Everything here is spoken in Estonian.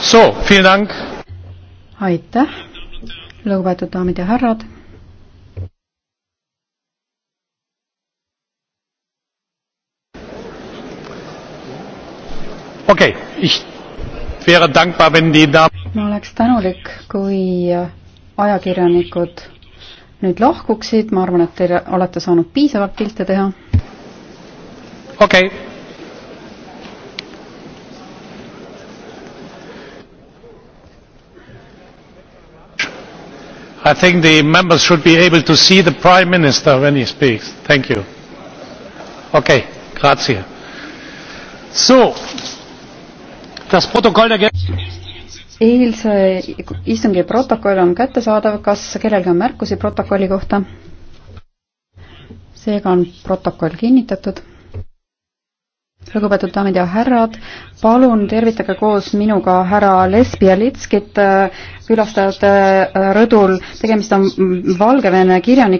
So, vielen Dank. aitäh, lugupeetud daamid ja härrad. okei okay,, ich wäre dankbar, wenn die da-. ma oleks tänulik, kui ajakirjanikud nüüd lahkuksid, ma arvan, et te olete saanud piisavalt pilte teha. okei okay.. i think the members should be able to see the prime minister when he speaks. thank you. okay, grazie. So, das protokoll der eilse istungi protokoll on kättesaadav, kas kellelgi on märkusi protokolli kohta? seega on protokoll kinnitatud lugupeetud daamid ja härrad, palun tervitage koos minuga härra Lesbialitskit, äh, külastajate äh, rõdul, tegemist on Valgevene kirjanikuga,